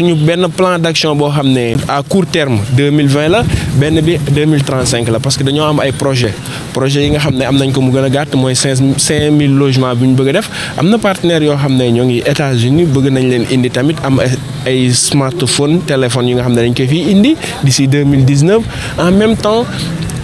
nous avons un plan d'action à court terme 2020 là, 2035 parce que nous avons un projet projet yi nga xamné am ko mu gëna gatt logements Nous avons un amna partenaire yo xamné États-Unis bëgg nañ leen indi tamit smartphone téléphone d'ici 2019 en même temps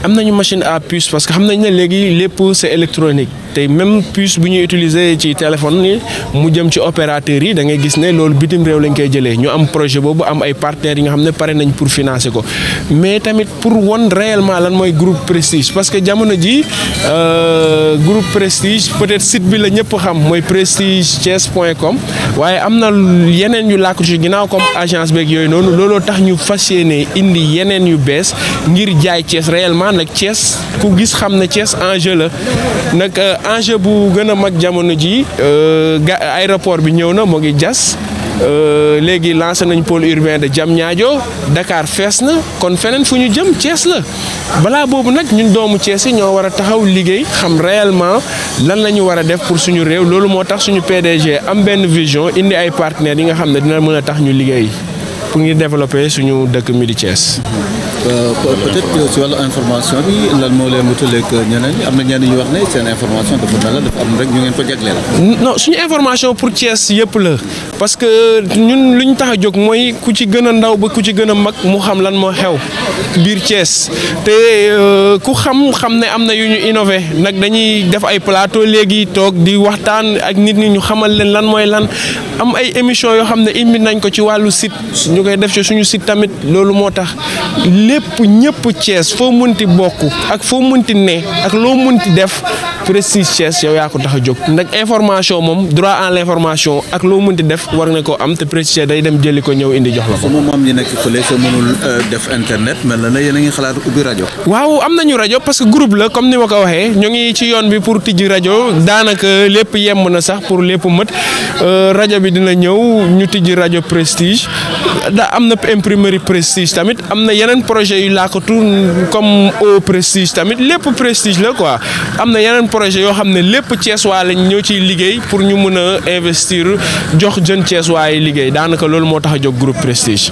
am nañu machine à puce parce que xam nañ ne léegi lépp c'est électronique tey même puce bu ñuy utiliser ci téléphone yi mu jëm ci opérateur yi da ngay gis ne loolu bitim réew lañ koy jëlee ñu am projet boobu am ay partenaires yi nga xam nañ pour financer ko mais tamit pour won réellement lan mooy groupe prestige parce que jamono ji euh, groupe prestige peut-être site bi la ñëpp xam mooy prestige thies point com waaye am na yeneen yu làkk ci ginnaaw comme agence beeg yooyu noonu looloo tax ñu fas yéene indi yeneen yu bees ngir jaay Thiès réellement nag cees ku gis xam na cees enjeu la nag euh, enjeu bu gën a mag jamono ji euh, aéroport bi ñëw na moo ngi jas léegi lancé nañ pôle urbain de jam ñaajo dakar fees na kon feneen fu ñu jëm thiès la balaa boobu nag ñun doomu thiès yi ñoo war a taxaw liggéey xam réellement lan la ñu def pour suñu réew loolu moo tax suñu pdg am benn vision indi ay partenaires yi nga xam dina mën a tax ñu liggéey pour ñu développer suñu dëkk midi thiès Euh, peut si wàllu information bi moo leen wutaleeg ñeneen am na ñeneen ñu wax ne seen information dafa mel la dafa am suñu information pour Thiès yëpp la parce que ñun lu ñu tax a jóg mooy ku ci gën a ndaw ba ku ci gën a mag mu xam lan moo xew biir Thiès te euh, ku xam xam ne am na yu ñu innové nag dañuy def ay plateau léegi toog di waxtaan ak nit ñi ñu xamal leen lan mooy lan am ay émission yoo xam ne indi nañ ko ci wàllu site ñu koy def ci suñu site tamit loolu moo tax. lépp ñëpp cees foo munti bokk ak foo munti ne ak loo munti def précise cees yow yaa ko tax a jóg ndax information moom droit à l' information ak loo munti def war nga koo am te précise day dem jëli ko ñëw indi jox la ko. sama moom ñi nekk fële sa mënul euh, def internet mel na la yéen a ngi xalaat ubbi rajo. waaw am nañu rajo parce que groupe la comme ni ma ko waxee ñu ngi ci yoon bi pour tijji rajo daanaka lépp yemb na sax pour lépp mët euh, rajo bi dina ñëw ñu tijji rajo prestige da am na imprimerie prestige tamit am na yeneen projet. projet yu làkkatu comme au prestige tamit lépp prestige la quoi am na yeneen projet yoo xam ne lépp Thiès waa lañ ñëw ciy liggéey pour ñu mën a investir jox jën cees waa yi liggéey daanaka loolu moo tax a jóg groupe prestige.